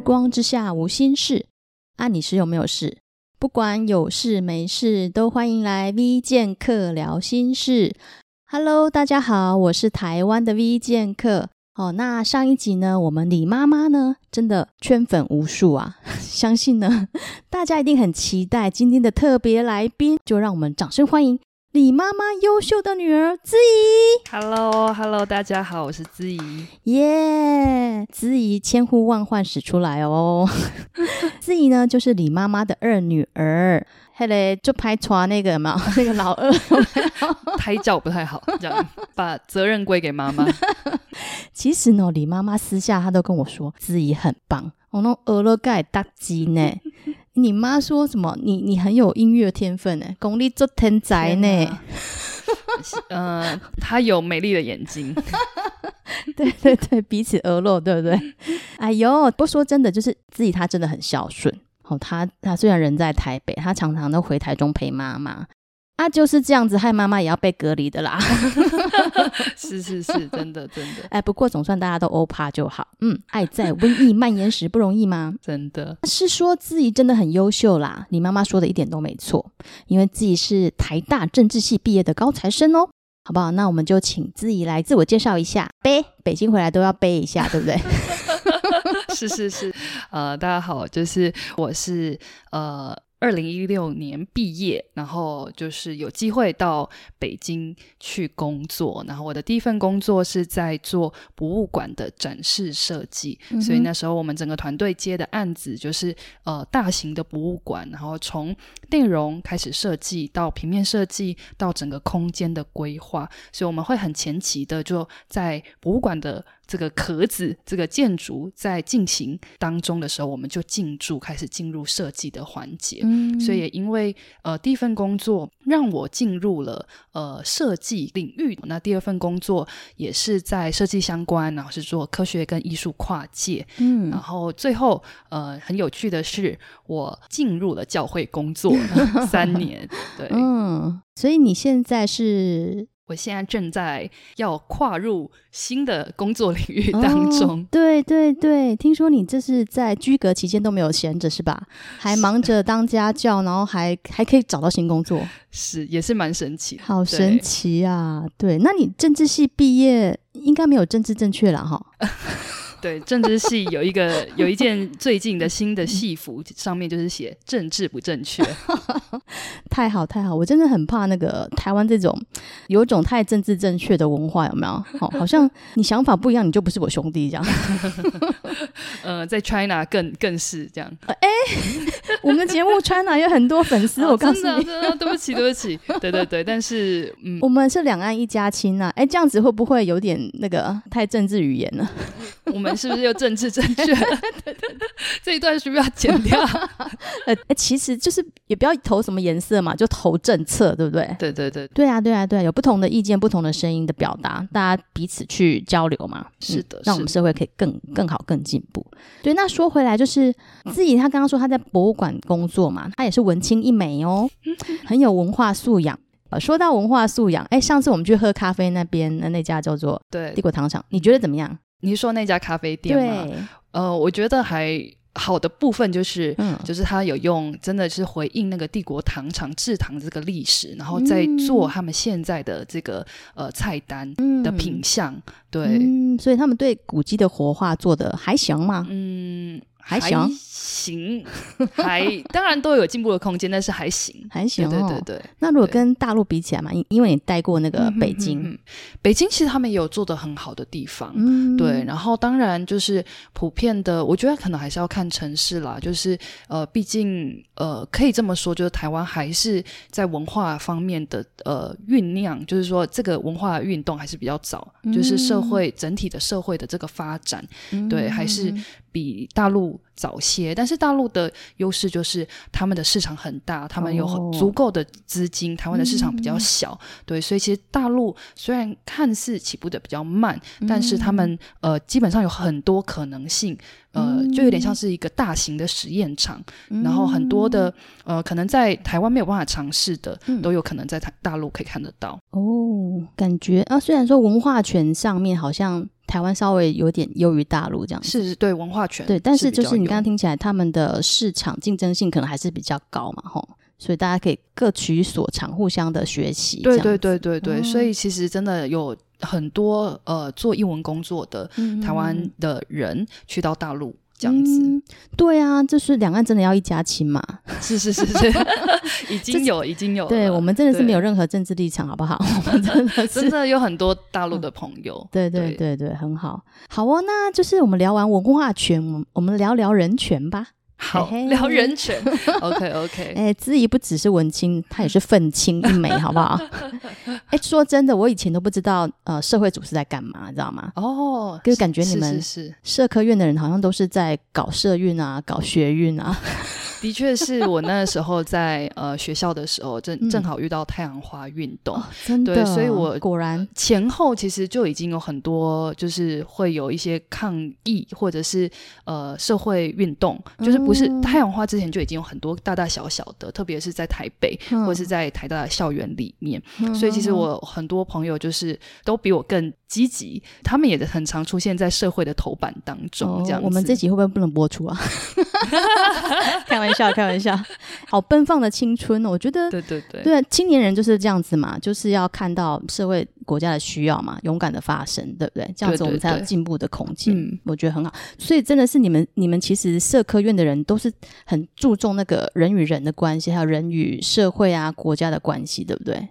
日光之下無心事，啊，你是有沒有事？不管有事沒事，都歡迎來 V 見客聊心事。Hello，大家好，我是台灣的 V 見客。哦，那上一集呢，我們李媽媽呢，真的圈粉無數啊！ 相信呢，大家一定很期待今天的特別來賓，就讓我們掌聲歡迎。李媽媽優秀的女兒，姿怡 Hello, Hello，大家好，我是姿怡耶，yeah, 姿怡千呼萬喚始出來哦。 姿怡呢，就是李媽媽的二女兒，嘿嘞，就拍出那個嘛，那個老二，胎教不太好，這樣把責任歸給媽媽。 其實呢，李媽媽私下她都跟我說，姿怡很棒，我那鵝了該大雞呢。你媽說什麼？你、你很有音樂天分耶，公立力天才呢。嗯，她天、啊 呃、有美麗的眼睛。 對對對，彼此而落，對不對？哎呦，不說真的，就是自己她真的很孝順。她、哦、她雖然人在台北，她常常都回台中陪媽媽。那、啊、就是這樣子，害媽媽也要被隔離的啦。 是是是，真的真的。哎，不過總算大家都歐趴就好。嗯，愛在瘟疫蔓延時不容易嗎？真的，是說姿儀真的很優秀啦。你媽媽說的一點都沒錯，因為姿儀是台大政治系畢業的高材生哦，好不好？那我們就請姿儀來自我介紹一下，背，北京回來都要背一下，對不對？ 是是是，呃，大家好，就是我是呃。二零一六年畢業，然後就是有機會到北京去工作。然後我的第一份工作是在做博物館的展示設計，嗯哼。所以那時候我們整個團隊接的案子就是呃大型的博物館，然後從內容開始設計到平面設計到整個空間的規劃，所以我們會很前期的就在博物館的。這個殼子，這個建築在進行當中的時候，我們就進駐，開始進入設計的環節。嗯，所以因為呃，第一份工作讓我進入了呃設計領域。那第二份工作也是在設計相關，然後是做科學跟藝術跨界。嗯，然後最後呃，很有趣的是，我進入了教會工作三年。 對，嗯，所以你現在是？我現在正在要跨入新的工作領域當中。哦，對對對，聽說你這是在居隔期間都沒有閒着是吧？還忙着當家教，的然後還還可以找到新工作，是也是蠻神奇的，好神奇啊！對，對，那你政治系畢業應該沒有政治正確了哈。 對，政治系，有一個有一件最近的新的戲服，上面就是寫“政治不正確”， 太好太好。我真的很怕那個台灣這種有種太政治正確的文化，有沒有、哦？好像你想法不一樣，你就不是我兄弟這樣。 呃，在 China 更更是這樣。哎、呃欸，我們節目 China 有很多粉絲， 我告訴你、啊、真的、啊真的啊、對不起對不起，對對對，但是、嗯、我們是兩岸一家親啊。哎、欸，這樣子會不會有點那個太政治語言了？我們。 是不是又政治正確？這一段是不是要剪掉 呃？呃，其實就是也不要投什麼顏色嘛，就投政策，對不對？ 對對對、對，對啊，對啊，對啊，有不同的意見，不同的聲音的表達，大家彼此去交流嘛。嗯、是的，是的，讓我們社會可以更更好、更進步。對，那說回來，就是 Ziyi 他剛剛說他在博物館工作嘛，他也是文青一枚哦，很有文化素養。啊、呃，說到文化素養，哎、欸，上次我們去喝咖啡那邊那那家叫做對帝國糖廠，你覺得怎麼樣？你是說那家咖啡店嗎？對呃，我覺得還好的部分就是，嗯、就是他有用，真的是回應那個帝國糖廠制糖這個歷史，然後在做他們現在的這個、嗯、呃菜單的品項。嗯、對、嗯，所以他們對古蹟的活化做的還行嗎？嗯。還行，還行，還當然都有進步的空間， 但是還行，還行，哦，對，對對對。那如果跟大陸比起來嘛，因對因為你待過那個北京嗯哼嗯哼，北京其實他們也有做的很好的地方，嗯、哼對。然後當然就是普遍的，我覺得可能還是要看城市啦，就是呃，畢竟呃，可以這麼說，就是台灣還是在文化方面的呃醞釀，就是說這個文化運動還是比較早，嗯哼嗯哼，就是社會整體的社會的這個發展，嗯哼嗯哼對，還是比大陸。早些，但是大陸的優勢就是他們的市場很大，他們有足夠的資金。哦、台灣的市場比較小，嗯、對，所以其實大陸雖然看似起步的比較慢，嗯、但是他們呃基本上有很多可能性，呃，嗯、就有點像是一個大型的實驗場，嗯、然後很多的呃可能在台灣沒有辦法嘗試的，嗯、都有可能在台大陸可以看得到。哦，感覺啊，雖然說文化權上面好像。台灣稍微有點優於大陸這樣子，是對文化權對，但是就是你剛剛聽起來，他們的市場競爭性可能還是比較高嘛，吼，所以大家可以各取所長，互相的學習，對對對對對，哦，所以其實真的有很多呃做英文工作的台灣的人去到大陸。嗯嗯這樣子、嗯，對啊，就是兩岸真的要一家親嘛？是是是是，已經有已經有，是經有對，我們真的是沒有任何政治立場，對好不好？我們真的是 真的有很多大陸的朋友、嗯，對對對對，很好對，好哦。那就是我們聊完文化圈，我們我們聊聊人權吧。好，聊人權。 OK OK，哎，子怡、欸、不只是文青，他也是憤青一枚，好不好？哎、 欸，說真的，我以前都不知道，呃，社會組是在幹嘛，你知道嗎？哦，就是感覺你們是社科院的人，好像都是在搞社運啊，搞學運啊。 的確是我那時候在呃學校的時候正正好遇到太陽花運動，嗯哦、真的對，所以我果然前後其實就已經有很多就是會有一些抗議或者是呃社會運動，嗯、就是不是太陽花之前就已經有很多大大小小的，特別是在台北、嗯、或是在台大的校園裡面，嗯、所以其實我很多朋友就是都比我更積極，他們也很常出現在社會的頭版當中。這樣子、哦，我們這集會不會不能播出啊？開玩笑。笑，開玩笑，好奔放的青春哦！我覺得，對對對，對，青年人就是這樣子嘛，就是要看到社會、國家的需要嘛，勇敢的發聲，對不對？這樣子我們才有進步的空間。對我覺得很好，所以真的是你們，你們其實社科院的人都是很注重那個人與人的關係，還有人與社會啊、國家的關係，對不對？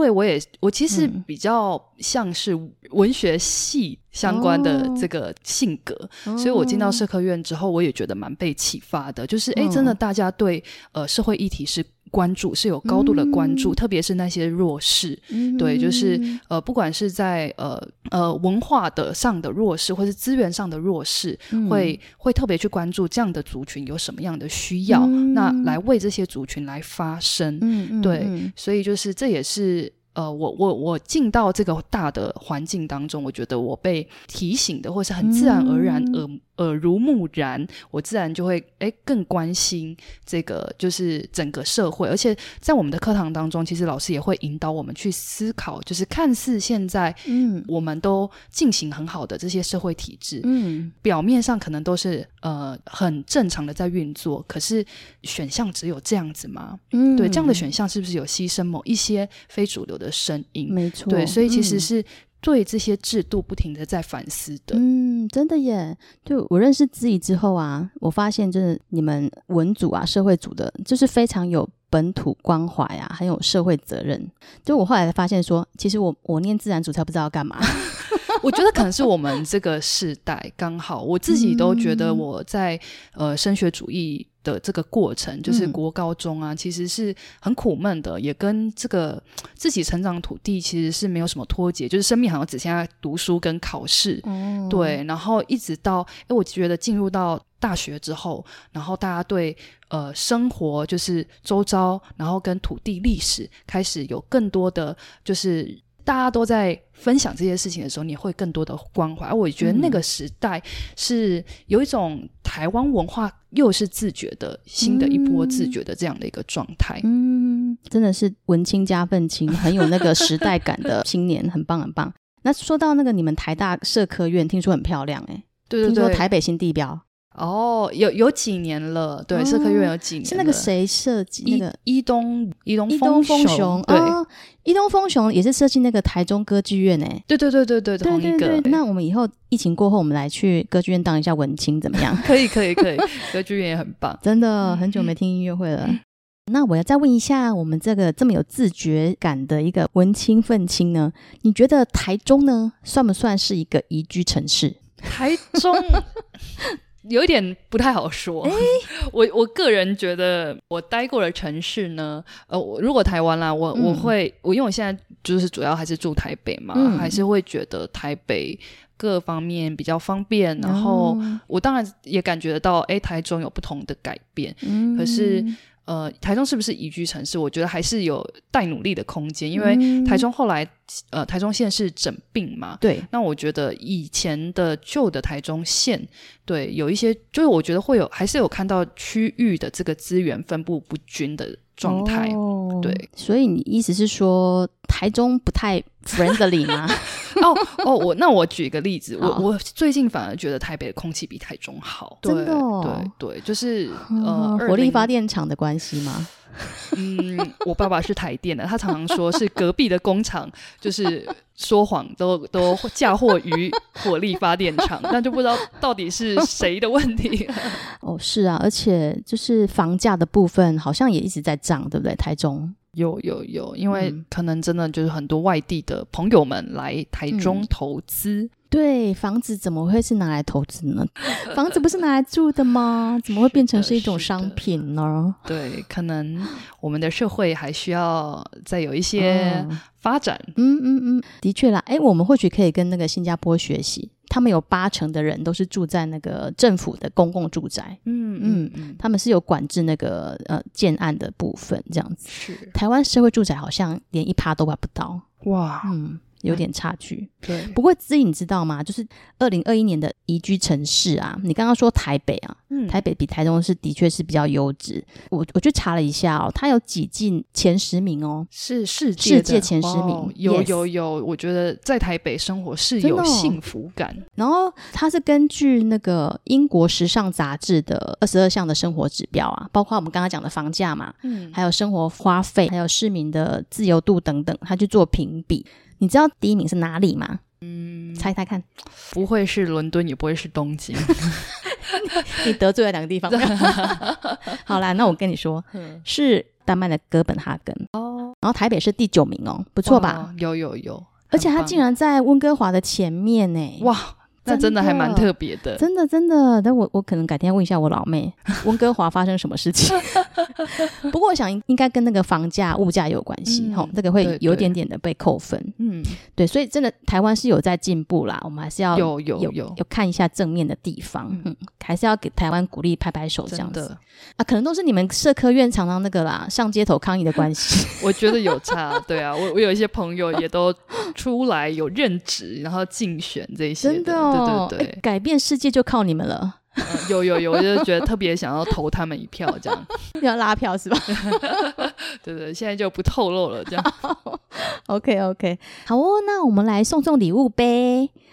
對，我也我其實比較像是文學系相關的這個性格，嗯哦哦、所以我進到社科院之後，我也覺得蠻被啟發的。就是，誒，真的，大家對、嗯、呃社會議題是。關注是有高度的關注，嗯、特別是那些弱勢，嗯、對，就是呃，不管是在呃呃文化的上的弱勢，或是資源上的弱勢，嗯、會會特別去關注這樣的族群有什麼樣的需要，嗯、那來為這些族群來發聲，嗯、對，所以就是這也是呃，我我我進到這個大的環境當中，我覺得我被提醒的，或是很自然而然而，嗯。耳濡目染，我自然就會誒、欸、更關心這個，就是整個社會。而且在我們的課堂當中，其實老師也會引導我們去思考，就是看似現在嗯，我們都進行很好的這些社會體制，嗯，表面上可能都是呃很正常的在運作，可是選項只有這樣子嗎？嗯，對，這樣的選項是不是有犧牲某一些非主流的聲音？沒錯，對，所以其實是、嗯。對這些制度，不停地在反思的。嗯，真的耶。就我認識自己之後啊，我發現就是你們文組啊、社會組的，就是非常有本土關懷呀、啊，很有社會責任。就我後來發現說，其實我我念自然組才不知道要幹嘛。 我覺得可能是我們這個時代剛好， 我自己都覺得我在呃升學主義。的這個過程就是國高中啊，嗯、其實是很苦悶的，也跟這個自己成長的土地其實是沒有什麼脫節，就是生命好像只剩下讀書跟考試，嗯嗯對，然後一直到，哎，我覺得進入到大學之後，然後大家對呃生活就是周遭，然後跟土地歷史開始有更多的就是。大家都在分享這些事情的時候，你會更多的關懷。我覺得那個時代是有一種台灣文化，又是自覺的，新的一波自覺的這樣的一個狀態。嗯，嗯，真的是文青加憤青，很有那個時代感的青年， 很棒很棒。那說到那個你們台大社科院，聽說很漂亮。欸，誒，對對，對，聽說台北新地標。哦，有有幾年了，對，哦、社科院有幾年了。是那個誰設計？那個伊，伊東伊東伊東豐雄，對，伊東豐雄、哦、也是設計那個台中歌劇院誒、欸。對對對對對，同一個。對對對，那我們以後疫情過後，我們來去歌劇院當一下文青怎麼樣？ 可以可以可以， 歌劇院也很棒，真的，嗯、很久沒聽音樂會了。嗯、那我要再問一下，我們這個這麼有自覺感的一個文青憤青呢，你覺得台中呢，算不算是一個宜居城市？台中。 有一點不太好說，誒我我個人覺得，我待過的城市呢，呃，如果台灣啦，我我會，嗯、我因為我現在就是主要還是住台北嘛，嗯、還是會覺得台北各方面比較方便，然後我當然也感覺得到，哎、哦，台中有不同的改變，嗯、可是，呃，台中是不是宜居城市？我覺得還是有待努力的空間，因為台中後來，嗯、呃，台中縣是整併嘛，對。那我覺得以前的舊的台中縣，對，有一些，就是我覺得會有，還是有看到區域的這個資源分佈不均的。狀態、oh, 對，所以你意思是說台中不太 friendly 嗎、啊？哦哦、 oh, oh，我那我舉一個例子，oh. 我我最近反而覺得台北的空氣比台中好，真的、對、哦、對對，就是 呃火力發電廠的關係嗎？ 嗯，我爸爸是台電的，他常常說是隔壁的工廠， 就是說謊，都都嫁禍於火力發電廠， 但就不知道到底是誰的問題。 哦，是啊，而且就是房價的部分，好像也一直在漲，對不對？台中。有有有，因為可能真的就是很多外地的朋友們來台中投資，嗯、對，房子怎麼會是拿來投資呢？ 房子不是拿來住的嗎？怎麼會變成是一種商品呢？對，可能我們的社會還需要再有一些發展。嗯嗯嗯，嗯，的確啦，哎，我們或許可以跟那個新加坡學習。他們有八成的人都是住在那個政府的公共住宅，嗯嗯嗯，嗯，他們是有管制那個呃、建案的部分，這樣子。是台灣社會住宅好像連一趴都挖不到，哇，嗯。有點差距，嗯、對。不過，Ziyi 你知道嗎？就是二零二一年的宜居城市啊，你剛剛說台北啊，嗯、台北比台中是的確是比較優質。我我去查了一下哦，它有擠進前十名哦，是世界世界前十名。有有、哦、有，有有 Yes 我覺得在台北生活是有幸福感。哦、然後，它是根據那個英國時尚雜誌的二十二項的生活指標啊，包括我們剛剛講的房價嘛，嗯，還有生活花費，還有市民的自由度等等，它去做評比。你知道第一名是哪裡嗎？嗯，猜猜看，不會是倫敦，也不會是東京， 你得罪了兩個地方。 好啦，那我跟你說，嗯、是丹麥的哥本哈根哦，然後台北是第九名哦，不錯吧？哦、有有有，而且他竟然在溫哥華的前面呢！哇。那真的還蠻特別的，的，真的真的，那我我可能改天要問一下我老妹，溫哥華發生什麼事情？ 不過我想應該跟那個房價、物價有關係，齁、嗯，這個會有一點點的被扣分，對對對嗯，對，所以真的台灣是有在進步啦，我們還是要有有有有，有看一下正面的地方，嗯，還是要給台灣鼓勵，拍拍手，這樣子真的啊，可能都是你們社科院常常那個啦，上街頭抗議的關係， 我覺得有差，對啊，我我有一些朋友也都出來有任職，然後競選這些的，真的哦。對對，對、哦，改變世界就靠你們了、嗯。有有有，我就覺得特別想要投他們一票，這樣 要拉票是吧？ 對對，現在就不透露了，這樣。好好 OK OK，好哦，那我們來送送禮物唄。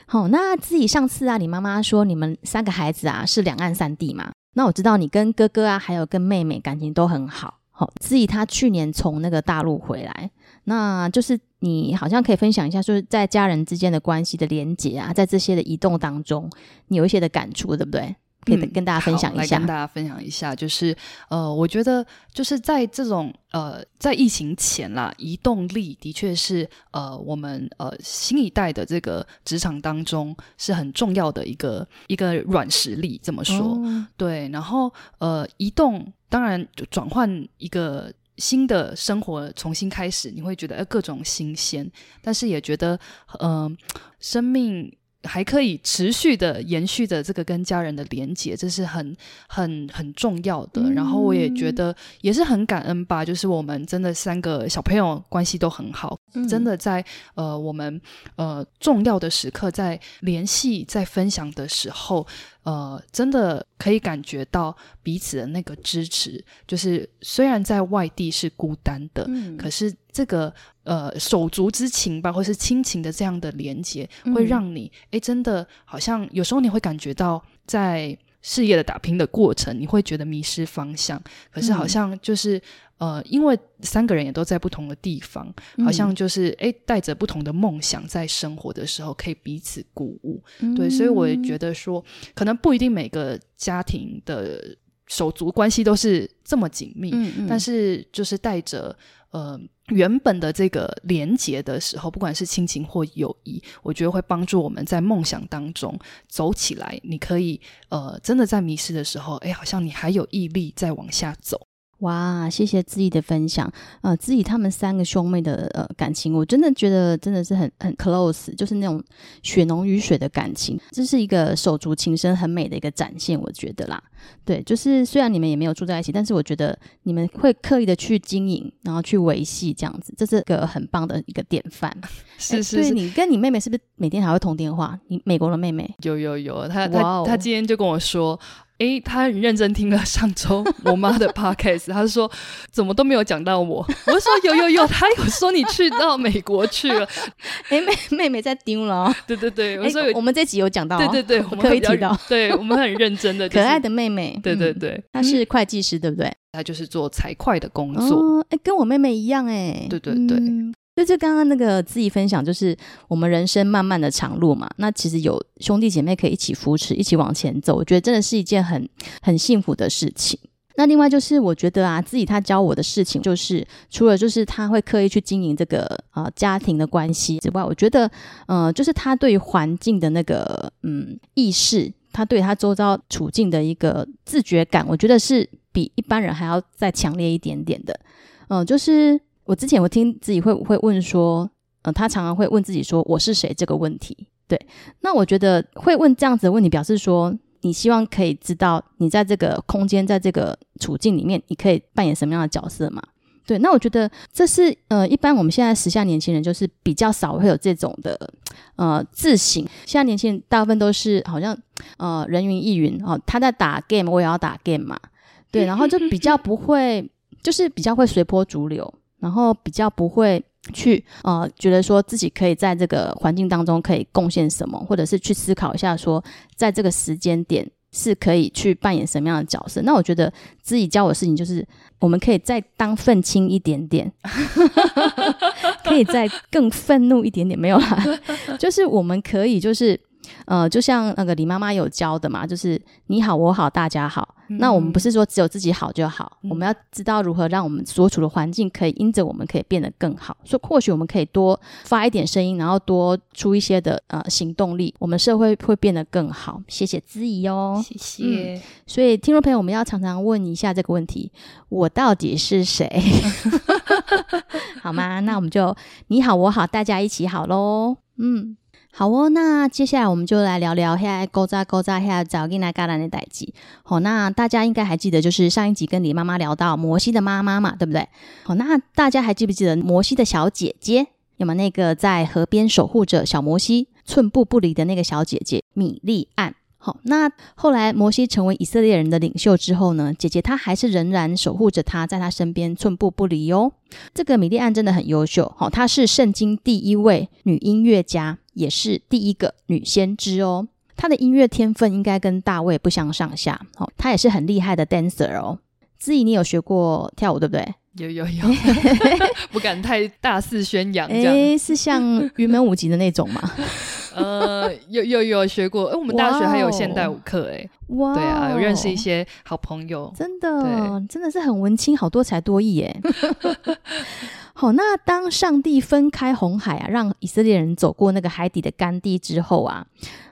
好、哦，那子怡上次啊，你媽媽說你們三個孩子啊是兩岸三地嘛。那我知道你跟哥哥啊，還有跟妹妹感情都很好。好、哦，子怡她去年從那個大陸回來。那就是你好像可以分享一下，就是在家人之間的關係的連接啊，在這些的移動當中，你有一些的感觸，對不對？可以跟大家分享一下。嗯、跟大家分享一下，就是呃，我覺得就是在這種呃，在疫情前啦，移動力的確是呃，我們呃新一代的這個職場當中是很重要的一個一個軟實力。這麼說，哦、對。然後呃，移動當然就轉換一個。新的生活重新開始，你會覺得哎，各種新鮮，但是也覺得，嗯、呃，生命。還可以持續的延續著這個跟家人的連結，這是很很很重要的。嗯、然後我也覺得也是很感恩吧，就是我們真的三個小朋友關係都很好，嗯、真的在呃我們呃重要的時刻在聯繫、在分享的時候，呃真的可以感覺到彼此的那個支持。就是雖然在外地是孤單的，嗯、可是這個。呃，手足之情吧，或是親情的這樣的連結，嗯、會讓你誒，真的好像有時候你會感覺到，在事業的打拼的過程，你會覺得迷失方向。可是好像就是、嗯、呃，因為三個人也都在不同的地方，嗯、好像就是誒，帶着不同的夢想在生活的時候，可以彼此鼓舞。嗯、對，所以我也覺得說，可能不一定每個家庭的手足關係都是這麼緊密，嗯嗯，但是就是帶着呃。原本的這個連接的時候，不管是親情或友誼，我覺得會幫助我們在夢想當中走起來。你可以呃，真的在迷失的時候，哎，好像你還有毅力再往下走。哇，謝謝子怡的分享。呃，子怡他們三個兄妹的呃感情，我真的覺得真的是很很 close，就是那種血濃於水的感情，這是一個手足情深很美的一個展現，我覺得啦。對，就是雖然你們也沒有住在一起，但是我覺得你們會刻意的去經營，然後去維繫這樣子，這是一個很棒的一個典範。是是是，所以你跟你妹妹是不是每天還會通電話？你美國的妹妹？有有有，她她她今天就跟我說，哎，她很認真聽了上周我媽的 podcast，她 說怎麼都沒有講到我。 我說有有有，她 有說你去到美國去了。哎、 欸，妹妹妹在聽了。對對對，我說我們這集有講到、哦。對對對，我們我可以聽到。對，我們很認真的、就是， 可愛的妹妹。嗯、對對對，她是會計師，對不對？她就是做財會的工作。哎、哦，欸，跟我妹妹一樣哎、欸。對對對、嗯，就就剛剛那個 Ziyi 分享，就是我們人生漫漫的長路嘛。那其實有兄弟姐妹可以一起扶持，一起往前走，我覺得真的是一件很很幸福的事情。那另外就是，我覺得啊，Ziyi 她教我的事情，就是除了就是她會刻意去經營這個呃家庭的關係之外，我覺得呃，就是她對於環境的那個嗯意識。他對他周遭處境的一個自覺感，我覺得是比一般人還要再強烈一點點的。嗯、呃，就是我之前我聽自己會會問說，呃，他常常會問自己說我是誰這個問題。對，那我覺得會問這樣子的問題，表示說你希望可以知道你在這個空間，在這個處境裡面，你可以扮演什麼樣的角色嗎？對，那我覺得這是呃，一般我們現在時下年輕人就是比較少會有這種的呃自省。現在年輕人大部分都是好像呃人云亦云哦，他在打 game，我也要打 game 嘛。對，然後就比較不會， 就是比較會隨波逐流，然後比較不會去呃覺得說自己可以在這個環境當中可以貢獻什麼，或者是去思考一下說在這個時間點。是可以去扮演什麼樣的角色？那我覺得自己教我的事情就是，我們可以再當憤青一點點， 可以再更憤怒一點點，沒有啦， 就是我們可以就是。呃，就像那個李媽媽有教的嘛，就是你好我好大家好。嗯、那我們不是說只有自己好就好，嗯、我們要知道如何讓我們所處的環境可以、嗯、因着我們可以變得更好。所以或許我們可以多發一點聲音，然後多出一些的呃行動力，我們社會會，會變得更好。謝謝姿儀哦，謝謝、嗯。所以聽眾朋友，我們要常常問一下這個問題：我到底是誰？好嗎？那我們就你好我好大家一起好嘍。嗯。好哦，那接下來我們就來聊聊現在勾扎勾扎現找給你來幹的代際。好，哦，那大家應該還記得，就是上一集跟你媽媽聊到摩西的媽媽嘛，對不對？好，哦，那大家還記不記得摩西的小姐姐？有沒有那個在河邊守護着小摩西寸步不離的那個小姐姐米好，那後來摩西成為以色列人的領袖之後呢？姐姐她還是仍然守護着她，在她身邊寸步不離哦。這個米利暗真的很優秀，好、哦，她是聖經第一位女音樂家，也是第一個女先知哦。她的音樂天分應該跟大衛不相上下，好、哦，她也是很厲害的 dancer 哦。子怡，你有學過跳舞，對不對？有有有， 不敢太大肆宣揚這樣，哎、欸，是像雲門舞集的那種嗎？ 呃，有有有學過，哎、欸，我們大學還有現代舞課、欸，哎，哇，對啊，有認識一些好朋友，Wow. 對真的，真的是很文青，好多才多藝、欸，哎 好，那當上帝分開紅海啊，讓以色列人走過那個海底的乾地之後啊，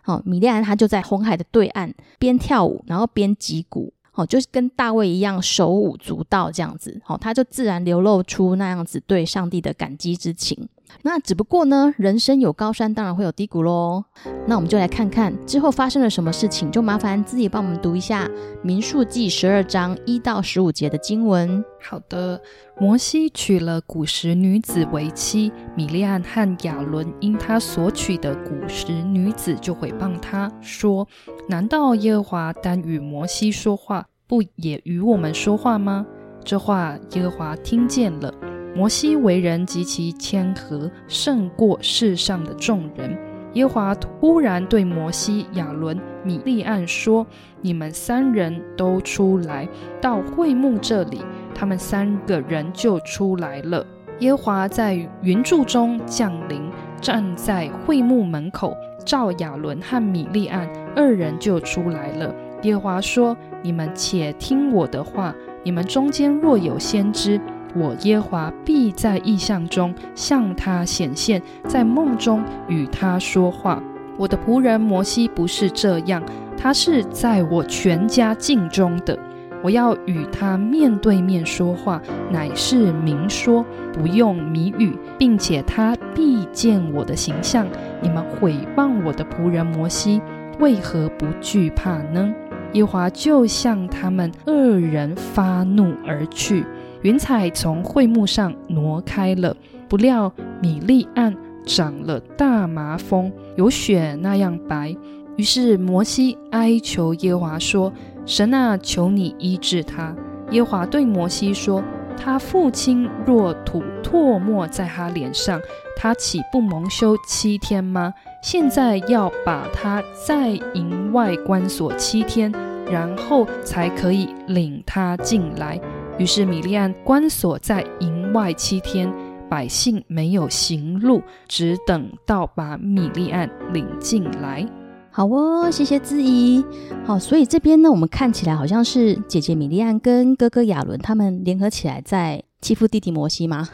好，米利安他就在紅海的對岸邊跳舞，然後邊擊鼓，好，就是跟大衛一樣手舞足蹈這樣子，好，他就自然流露出那樣子對上帝的感激之情。那只不過呢，人生有高山，當然會有低谷嘍。那我們就來看看之後發生了什麼事情，就麻煩自己幫我們讀一下《民數記》十二章一到十五節的經文。好的，摩西娶了古時女子為妻，米利暗和亞倫因他所娶的古時女子就毀謗他說：“難道耶和華單與摩西說話，不也與我們說話嗎？”這話耶和華聽見了。摩西為人極其謙和，勝過世上的眾人。耶華突然對摩西、亞倫、米利暗說：“你們三人都出來，到會幕這裡。”他們三個人就出來了。耶華在雲柱中降臨，站在會幕門口，召亞倫和米利暗二人就出來了。耶華說：“你們且聽我的話，你們中間若有先知。”我耶和華必在異象中向他顯現，在夢中與他說話。我的僕人摩西不是這樣，他是在我全家盡忠的。我要與他面對面說話，乃是明說，不用謎語，並且他必見我的形象。你們毀謗我的僕人摩西，為何不懼怕呢？耶和華就向他們二人發怒而去。雲彩從會幕上挪開了，不料米利暗長了大麻風，有雪那樣白。於是摩西哀求耶華說：“神啊，求你醫治他。”耶華對摩西說：“他父親若吐唾沫在他臉上，他豈不蒙羞七天嗎？現在要把他在營外關鎖七天，然後才可以領他進來。”於是米利暗關鎖在營外七天，百姓沒有行路，只等到把米利暗領進來。好哦，謝謝知怡。好，所以這邊呢，我們看起來好像是姐姐米利暗跟哥哥亞倫他們聯合起來在欺負弟弟摩西嗎？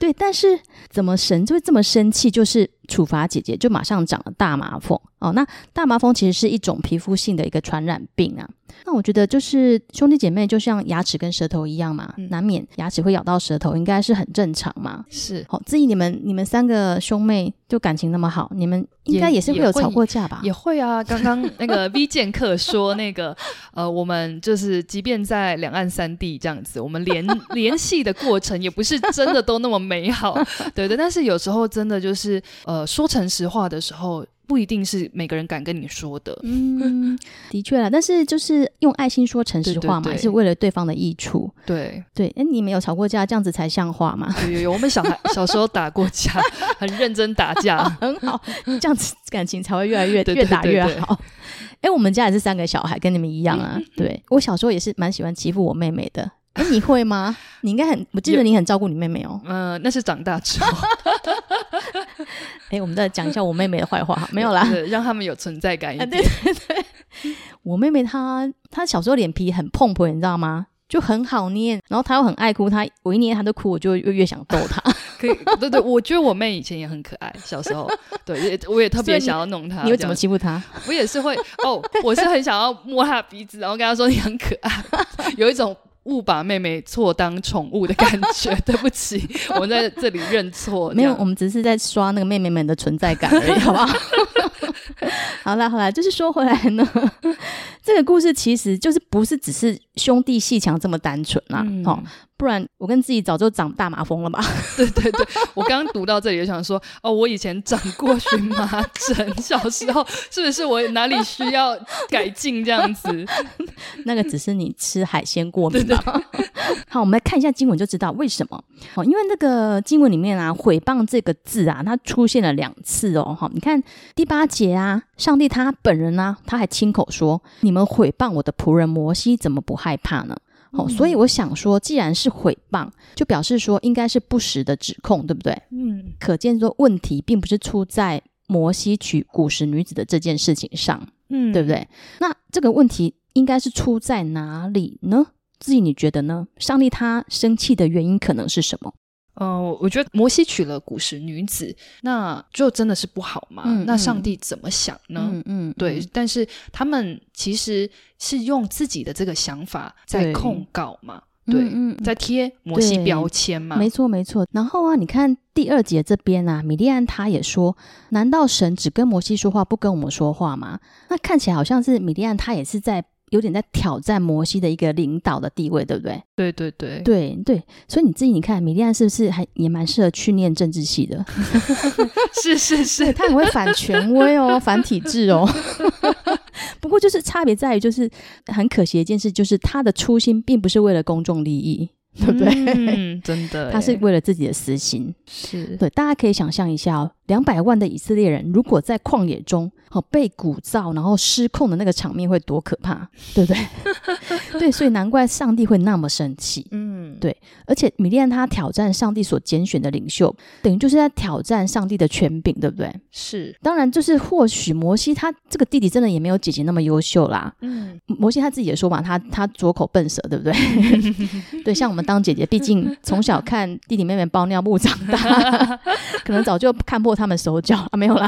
對，但是怎麼神就會這麼生氣？就是。處罰姐姐就馬上長了大麻風哦，那大麻風其實是一種皮膚性的一個傳染病啊。那我覺得就是兄弟姐妹就像牙齒跟舌頭一樣嘛，嗯、難免牙齒會咬到舌頭，應該是很正常嘛。是，好、哦，至於你們你們三個兄妹就感情那麼好，你們應該也是會有吵過架吧也也？也會啊。剛剛那個 V 健客說那個， 呃，我們就是即便在兩岸三地這樣子，我們聯聯繫的過程也不是真的都那麼美好，對對。但是有時候真的就是呃。說誠實話的時候，不一定是每個人敢跟你說的。嗯，的確啦，但是就是用愛心說誠實話嘛，對對對，是為了對方的益處。對對，哎，你們有吵過架，這樣子才像話嘛？有有有，我們小孩小時候打過架， 很認真打架，很好，這樣子感情才會越來越對對對對對越打越好。哎，我們家也是三個小孩，跟你們一樣啊。嗯嗯，對，我小時候也是蠻喜歡欺負我妹妹的。欸、你會嗎？你應該很，我記得你很照顧你妹妹哦。嗯、呃，那是長大之後。哎、 欸，我們再講一下我妹妹的壞話， 沒有啦，讓他們有存在感一點。啊、對對對，我妹妹她她小時候臉皮很碰破，你知道嗎？就很好捏，然後她又很愛哭，她我一捏她都哭，我就越，越想逗她、啊。可以，對對，我覺得我妹以前也很可愛，小時候對，我也特別想要弄她。你，樣你會怎麼欺負她？我也是會哦，我是很想要摸她的鼻子，然後跟她說你很可愛，有一種。不把妹妹錯當寵物的感覺， 對不起，我們在這裡認錯。 這樣。沒有，我們只是在刷那個妹妹們的存在感而已， 好不好？ 好啦好啦，就是說回來呢，這個故事其實就是不是只是兄弟鬩牆這麼單純吶、啊，嗯、哦，不然我跟自己早就長大麻風了吧？ 對對對，我剛剛讀到這裡就想說，哦，我以前長過蕁麻疹，小時候是不是我哪裡需要改進這樣子？ 那個只是你吃海鮮過敏吧？ 對對對。好，我們來看一下經文就知道為什麼。哦，因為那個經文裡面啊，毀謗這個字啊，它出現了兩次哦，哈、哦，你看第。巴結啊！上帝他本人呢、啊？他還親口說：“你們毀謗我的僕人摩西，怎麼不害怕呢？”哦，所以我想說，既然是毀謗，就表示說應該是不實的指控，對不對？嗯，可見說問題並不是出在摩西娶古實女子的這件事情上，嗯，對不對？那這個問題應該是出在哪裡呢？Ziyi 你覺得呢？上帝他生氣的原因可能是什麼？嗯、呃，我覺得摩西娶了古實女子，那就真的是不好嘛。嗯嗯、那上帝怎麼想呢？嗯嗯，嗯嗯對。但是他們其實是用自己的這個想法在控告嘛，對，對嗯嗯、在貼摩西標籤嘛。沒錯沒錯。然後啊，你看第二節這邊啊，米利暗她也說：“難道神只跟摩西說話，不跟我們說話嗎？”那看起來好像是米利暗她也是在。有點在挑戰摩西的一個領導的地位，對不對？對對對對對。所以你自己你看，米莉安是不是還也蠻適合去念政治系的？ 是是是，他很會反權威哦， 反體制哦。 不過就是差別在於，就是很可惜的一件事，就是他的初心並不是為了公眾利益。對不對？嗯、真的，他是為了自己的私心。是，對，大家可以想象一下，哦，兩百萬的以色列人如果在曠野中，哦、被鼓譟，然後失控的那個場面會多可怕，對不對？ 對，所以難怪上帝會那麼生氣。嗯對，而且米莉安他挑戰上帝所揀選的領袖，等於就是在挑戰上帝的權柄，對不對？是，當然就是或許摩西他這個弟弟真的也沒有姐姐那麼優秀啦。嗯，摩西他自己也說嘛，他他拙口笨舌，對不對？嗯、 對，像我們當姐姐，畢竟從小看弟弟妹妹包尿布長大， 可能早就看破他們手腳啊，沒有啦。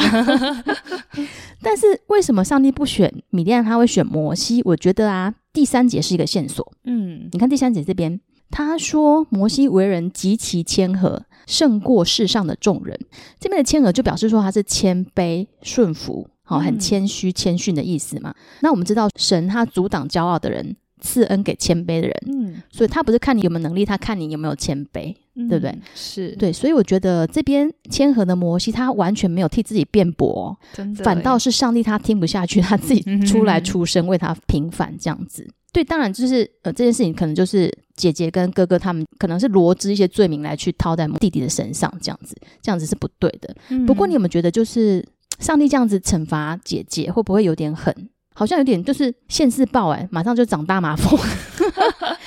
但是為什麼上帝不選米莉安，他會選摩西？我覺得啊，第三節是一個線索。嗯，你看第三節這邊。他說：“摩西為人極其謙和，勝過世上的眾人。這邊的謙和就表示說他是謙卑、順服，好、哦，很謙虛、謙遜的意思嘛。嗯、那我們知道，神他阻擋驕傲的人，賜恩給謙卑的人。嗯，所以他不是看你有沒有能力，他看你有沒有謙卑，對不對？嗯、是對。所以我覺得這邊謙和的摩西，他完全沒有替自己辯駁、哦，真的、反倒是上帝他聽不下去，他自己出來出聲、嗯、為他平反，這樣子。”對，當然就是呃，這件事情可能就是姐姐跟哥哥他們可能是羅織一些罪名來去套在弟弟的身上，這樣子，這樣子是不對的。嗯、不過你有沒有覺得，就是上帝這樣子懲罰姐姐會不會有點狠？好像有點就是現世報哎、欸，馬上就長大痲瘋。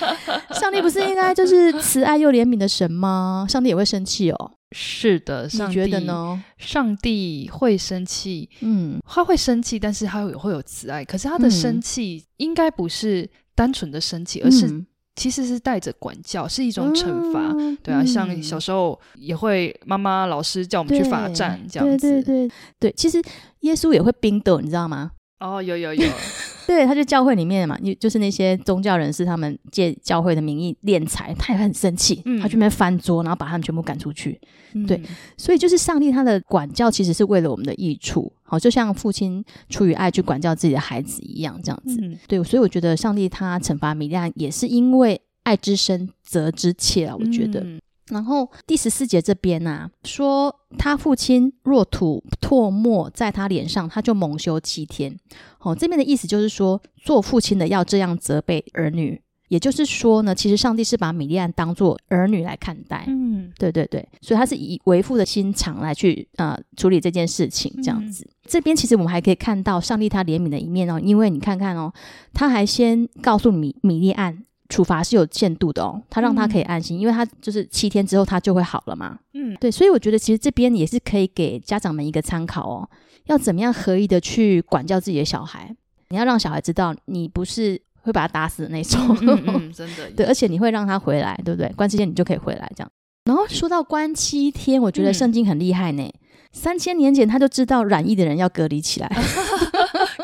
上帝不是應該就是慈愛又憐憫的神嗎？上帝也會生氣哦。是的，你覺得呢？上帝會生氣，嗯，他會生氣，但是他也會有慈愛。可是他的生氣應該不是單純的生氣，嗯、而是其實是帶着管教，是一種懲罰。啊對啊，嗯、像小時候也會媽媽、老師叫我們去罰站對這樣子。對，對對對，對，其實耶穌也會冰斗，你知道嗎？哦，oh, 有有有， 對，他就教會裡面嘛，就就是那些宗教人士，他們借教會的名義斂財，他也很生氣，嗯、他去那邊翻桌，然後把他們全部趕出去。嗯、對，所以就是上帝他的管教其實是為了我們的益處，好，就像父親出於愛去管教自己的孩子一樣，這樣子。嗯、對，所以我覺得上帝他懲罰米利暗也是因為愛之深責之切啊，我覺得。嗯然後第十四節這邊啊，說他父親若吐唾沫在他臉上，他就蒙羞七天。哦，這邊的意思就是說，做父親的要這樣責備兒女。也就是說呢，其實上帝是把米利暗當作兒女來看待。嗯，對對對，所以他是以為父的心腸來去呃處理這件事情，這樣子。嗯、這邊其實我們還可以看到上帝他憐憫的一面哦，因為你看看哦，他還先告訴米米利暗，處罰是有限度的哦，他讓他可以安心，嗯、因為他就是七天之後他就會好了嘛。嗯，對，所以我覺得其實這邊也是可以給家長們一個參考哦，要怎麼樣合意的去管教自己的小孩，你要讓小孩知道你不是會把他打死的那種、嗯嗯，真的 對，而且你會讓他回來，對不對？關七天你就可以回來，這樣。然後說到關七天，我覺得聖經很厲害呢，嗯、三千年前他就知道染疫的人要隔離起來。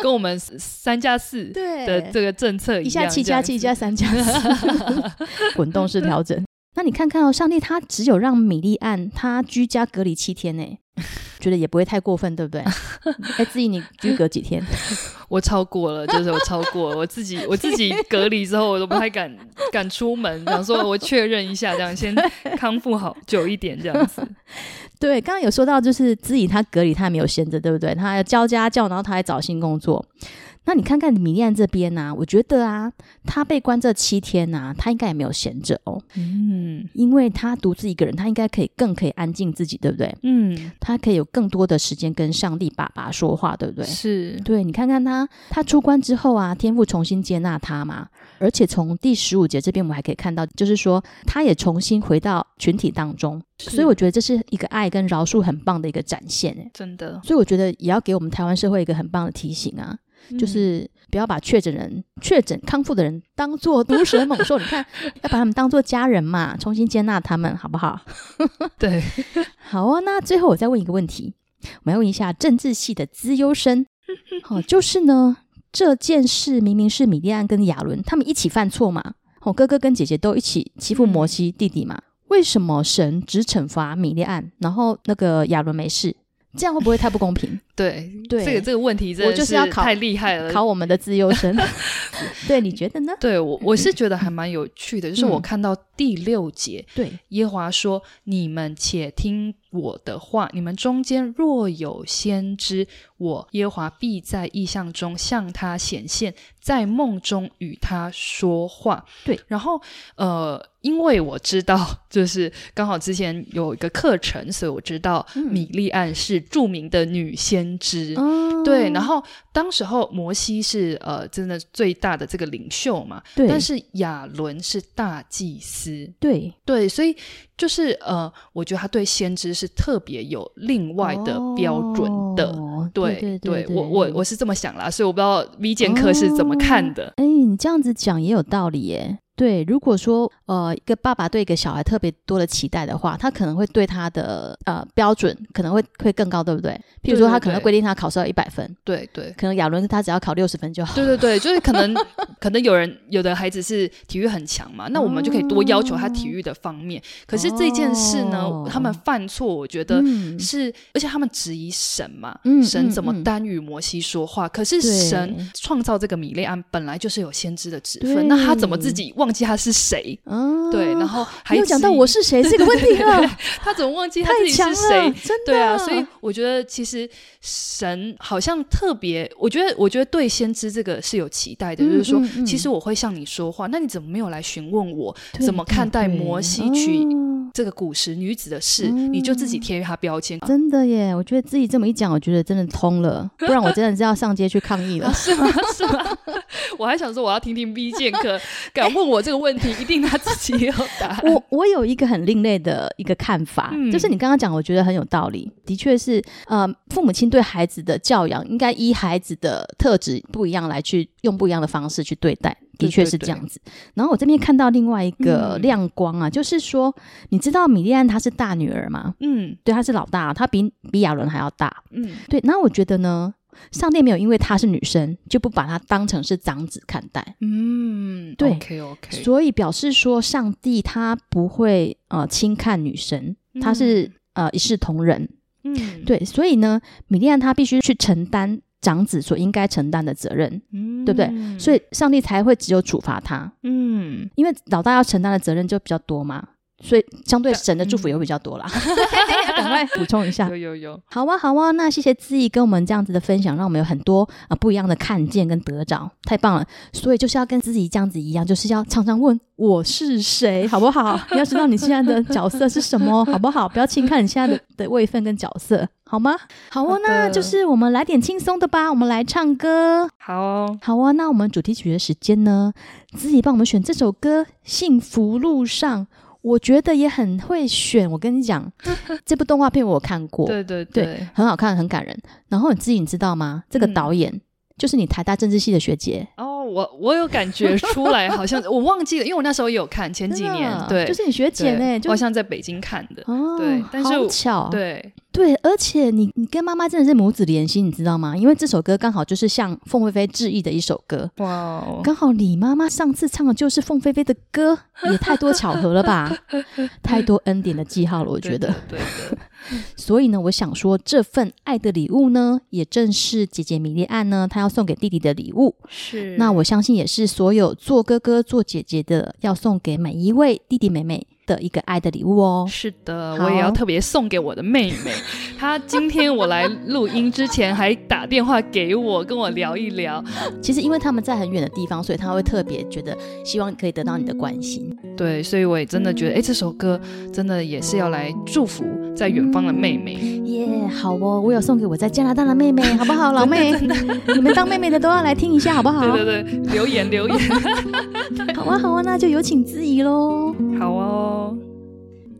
跟我們三加四的這個政策一樣， 一下七加七加三加四，滾 動式調整。 那你看看哦，上帝他只有讓米莉安他居家隔離七天呢， 覺得也不會太過分，對不對？哎、 欸，子怡你居隔幾天？ 我超過了，就是我超過了，我自己我自己隔離之後，我都不太敢 敢出門，想說我確認一下，這樣先康復好久一點這樣子。 對，剛剛有說到就是子怡他隔離，他也沒有閒着，對不對？他要教家教，然後他還找新工作。那你看看米利暗這邊呢、啊？我覺得啊，他被關這七天呢、啊，他應該也沒有閒着哦。嗯，因為他獨自一個人，他應該可以更可以安靜自己，對不對？嗯，他可以有更多的時間跟上帝爸爸說話，對不對？是，對。你看看他，他出關之後啊，天父重新接納他嘛，而且從第十五節這邊，我們還可以看到，就是說他也重新回到群體當中。是所以我覺得這是一個愛跟饒恕很棒的一個展現，哎，真的。所以我覺得也要給我們台灣社會一個很棒的提醒啊。就是不要把確診人、確診、嗯、康復的人當做毒蛇猛獸， 你看要把他們當做家人嘛，重新接納他們，好不好？ 對，好啊、哦。那最後我再問一個問題，我們要問一下政治系的資優生， 哦，就是呢，這件事明明是米利暗跟亞倫他們一起犯錯嘛，哦，哥哥跟姐姐都一起欺負摩西弟弟嘛，嗯、為什麼神只懲罰米利暗，然後那個亞倫沒事，這樣會不會太不公平？ 對，對這個這個問題真的，我就是要考太厲害了，考我們的自由生。 對，你覺得呢？對我，我是覺得還蠻有趣的，嗯、就是我看到第六節，對、嗯、耶華說：“對你們且聽我的話，你們中間若有先知，我耶華必在異象中向他顯現，在夢中與他說話。”對，然後呃，因為我知道，就是剛好之前有一個課程，所以我知道米利暗是著名的女先。先知、哦、對，然後當時候摩西是呃，真的最大的這個領袖嘛，對但是亞倫是大祭司，對對，所以就是呃，我覺得他對先知是特別有另外的標準的，對對，我我我是這麼想啦。所以我不知道 V 劍客是怎麼看的，哎、哦，你這樣子講也有道理耶。對，如果說呃，一個爸爸對一個小孩特別多的期待的話，他可能會對他的呃標準可能會會更高，對不對？譬如說，他可能規定他考試要一百分。對對，可能亞倫他只要考六十分就好。對對對，就是可能可能有人有的孩子是體育很強嘛，那我們就可以多要求他體育的方面。可是這件事呢，他們犯錯，我覺得是，而且他們質疑神嘛，神怎麼單與摩西說話？可是神創造這個米利暗本來就是有先知的職分，那他怎麼自己？忘記他是誰，啊、對，然後還有講到我是誰，對對對對，這個問題了，他怎麼忘記他自己是誰？太強了、真的對、啊，所以我覺得其實神好像特別，我覺得我覺得對先知這個是有期待的，嗯、就是說，嗯、其實我會向你說話，嗯、那你怎麼沒有來詢問我？對對對，怎麼看待摩西？去、哦。這個古時女子的事，嗯、你就自己貼她標籤，真的耶！我覺得自己這麼一講，我覺得真的通了，不然我真的是要上街去抗議了， 啊、是嗎？是嗎？ 我還想說，我要聽聽 B 劍客 敢問我這個問題， 一定他自己有答案。我我有一個很另類的一個看法，嗯、就是你剛剛講，我覺得很有道理，的確是，呃，父母親對孩子的教養應該依孩子的特質不一樣來去用不一樣的方式去對待。的確是這樣子。對對對，然後我這邊看到另外一個亮光啊，嗯、就是說，你知道米莉安她是大女兒嗎？嗯，對，她是老大，她比比亞倫還要大。嗯，對。那我覺得呢，上帝沒有因為她是女生就不把她當成是長子看待。嗯，對。Okay, okay。所以表示說，上帝他不會呃輕看女生，他是、嗯、呃一視同仁。嗯，對。所以呢，米莉安她必須去承擔。長子所應該承擔的責任，嗯、對不對？所以上帝才會只有處罰他，嗯，因為老大要承擔的責任就比較多嘛。所以，相對神的祝福也會比較多啦。等會補充一下，有有有，好哇，啊，好哇，啊，那謝謝子怡跟我們這樣子的分享，讓我們有很多啊，呃、不一樣的看見跟得着，太棒了。所以就是要跟子怡這樣子一樣，就是要常常問我是誰，好不好？ 你要知道你現在的角色是什麼，好不好？不要輕看你現在的的位份跟角色，好嗎？好啊，哦，好的那就是我們來點輕鬆的吧，我們來唱歌。好，哦，好啊。那我們主題曲的時間呢？子怡幫我們選這首歌《幸福路上》。我覺得也很會選。我跟你講， 這部動畫片我看過，對對對，對，很好看，很感人。然後你自己你知道嗎？嗯，這個導演就是你台大政治系的學姐。哦。我我有感覺出來，好像 我忘記了，因為我那時候有看前幾年，啊、對，就是你學姐哎、欸，就好像在北京看的，哦、對，但是我好巧，對對，而且你你跟媽媽真的是母子連心，你知道嗎？因為這首歌剛好就是向鳳飛飛致意的一首歌，哇 Wow，剛好你媽媽上次唱的就是鳳飛飛的歌，也太多巧合了吧？ 太多恩典的記號了，我覺得。 對的，對的。 所以呢，我想說，這份愛的禮物呢，也正是姐姐米莉安呢，她要送給弟弟的禮物。是，那我相信也是所有做哥哥做姐姐的，要送給每一位弟弟妹妹。的一個愛的禮物哦，是的，好我也要特別送給我的妹妹。 她今天我來錄音之前還打電話給我，跟我聊一聊。其實因為他們在很遠的地方，所以他會特別覺得希望可以得到你的關心。對，所以我也真的覺得，哎、嗯欸，這首歌真的也是要來祝福在遠方的妹妹。耶、嗯，yeah, 好哦，我有送給我在加拿大的妹妹，好不好，老妹？真的真的你們當妹妹的都要來聽一下，好不好？對對對，留言留言。 好啊好啊，那就有請 Ziyi 嘍。好、啊、哦。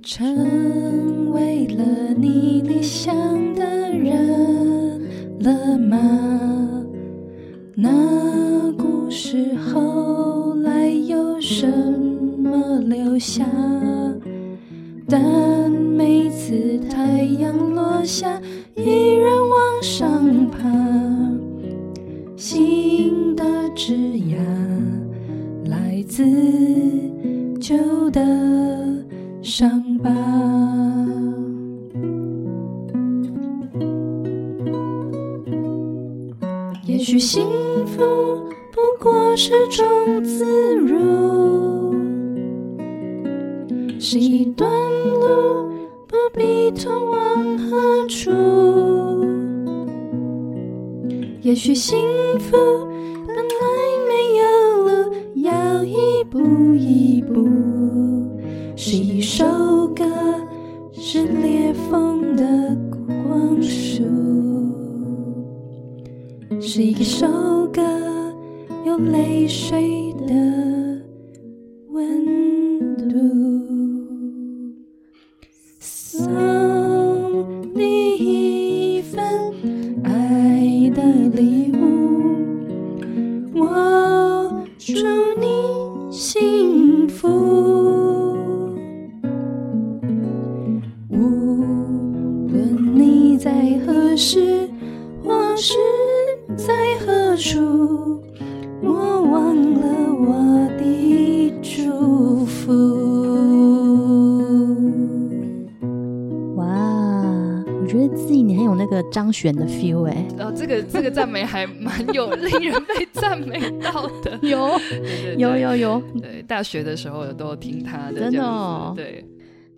成為了你理想的人了嗎？那故事後來有什麼留下？但每次太陽落下，依然往上爬。新的枝椏來自。舊的傷疤，也許幸福不過是種自如，是一段路，不必通往何處。也許幸福。一步一步，是一首歌，是裂縫的光束，是一首歌，有淚水。這個這個讚美還蠻有令人被讚美到的，有有有有，對，大學的時候都有聽他的，真的、哦，對，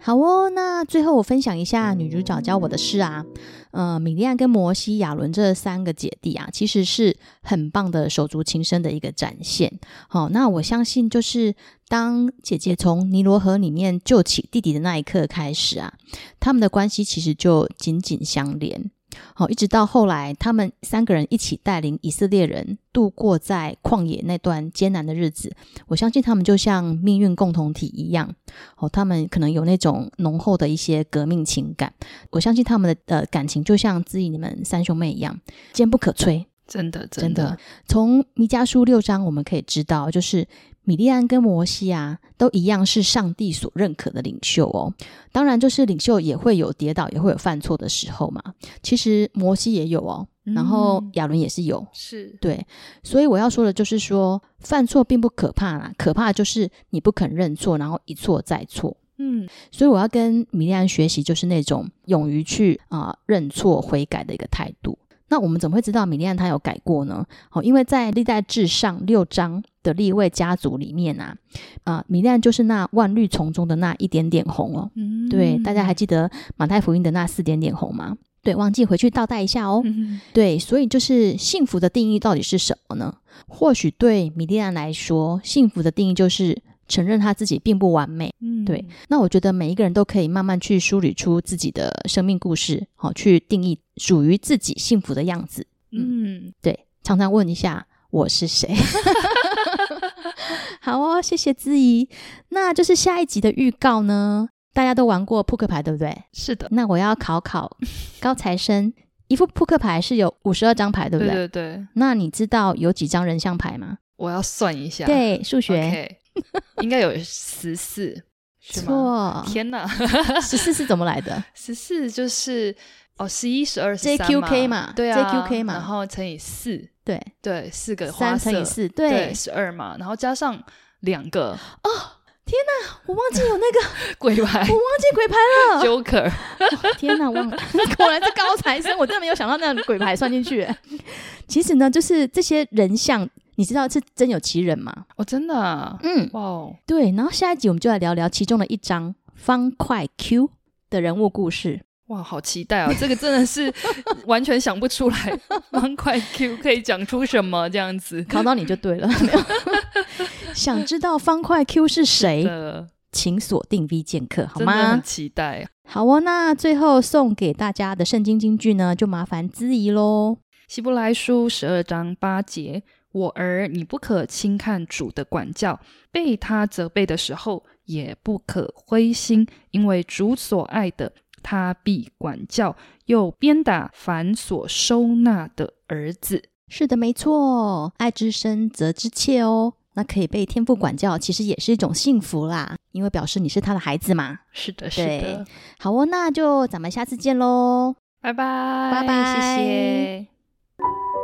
好哦。那最後我分享一下女主角教我的事啊，呃，米利暗跟摩西亞倫這三個姐弟啊，其實是很棒的手足情深的一個展現。好、哦，那我相信就是當姐姐從尼羅河裡面救起弟弟的那一刻開始啊，他們的關係其實就緊緊相連。好、哦，一直到後來，他們三個人一起帶領以色列人度過在曠野那段艱難的日子。我相信他們就像命運共同體一樣。哦，他們可能有那種濃厚的一些革命情感。我相信他們的呃感情就像 Ziyi 你們三兄妹一樣，堅不可摧。真的，真的。從彌迦書六章我們可以知道，就是。米利暗跟摩西啊，都一樣是上帝所認可的領袖哦。當然，就是領袖也會有跌倒，也會有犯錯的時候嘛。其實摩西也有哦，嗯、然後亞倫也是有，是對。所以我要說的就是說，犯錯並不可怕啦，可怕的就是你不肯認錯，然後一錯再錯。嗯，所以我要跟米利暗學習，就是那種勇於去啊、呃、認錯悔改的一個態度。那我們怎麼會知道米利暗他有改過呢？好、哦，因為在歷代志上六章，的立位家族裡面啊，啊，米莉安就是那萬綠叢中的那一點點紅哦。嗯、對，嗯、大家還記得馬太福音的那四點點紅嗎？對，忘記回去倒帶一下哦。嗯、哼對，所以就是幸福的定義到底是什麼呢？或許對米莉安來說，幸福的定義就是承認他自己並不完美。嗯、對。那我覺得每一個人都可以慢慢去梳理出自己的生命故事，好、哦、去定義屬於自己幸福的樣子。嗯，嗯對，常常問一下我是誰。 好哦，謝謝姿儀。那就是下一集的預告呢。大家都玩過撲克牌，對不對？是的。那我要考考高材生，一副撲克牌是有五十二張牌，對不對？對,對對。那你知道有幾張人像牌嗎？我要算一下。對，數學 Okay. 應該有十四 嗎。錯！天哪，十 四是怎麼來的？十四就是。哦，十一、十二、十三嘛，J、Q、K 嘛，對啊，J、Q、K 嘛，然後乘以四，對，對，四個花色，三乘以四，對，十二嘛，然後加上兩個。哦，天吶，我忘記有那個鬼牌，我忘記鬼牌了。Joker，天哪，我果然是高材生，我真的沒有想到那鬼牌算進去。其實呢，就是這些人像，你知道是真有其人嗎？哦，真的，嗯，哇，對。然後下一集我們就來聊聊其中的一張方塊 Q 的人物故事。哇，好期待哦，啊！這個真的是完全想不出來，方塊 Q 可以講出什麼這樣子， 考到你就對了。 想知道方塊 Q 是誰，是的請鎖定 V 劍客好嗎？期待。好哦，那最後送給大家的聖經金句呢，就麻煩諮疑嘍。希伯來書十二章八節：我兒，你不可輕看主的管教，被他責備的時候，也不可灰心，因為主所愛的，他必管教，又鞭打，凡所收納的兒子。是的，沒錯，愛之深，責之切哦。那可以被天父管教，其實也是一種幸福啦，因為表示你是他的孩子嘛。是的，是的，是的。好哦，那就咱們下次見嘍，拜拜，拜拜，謝謝。謝謝。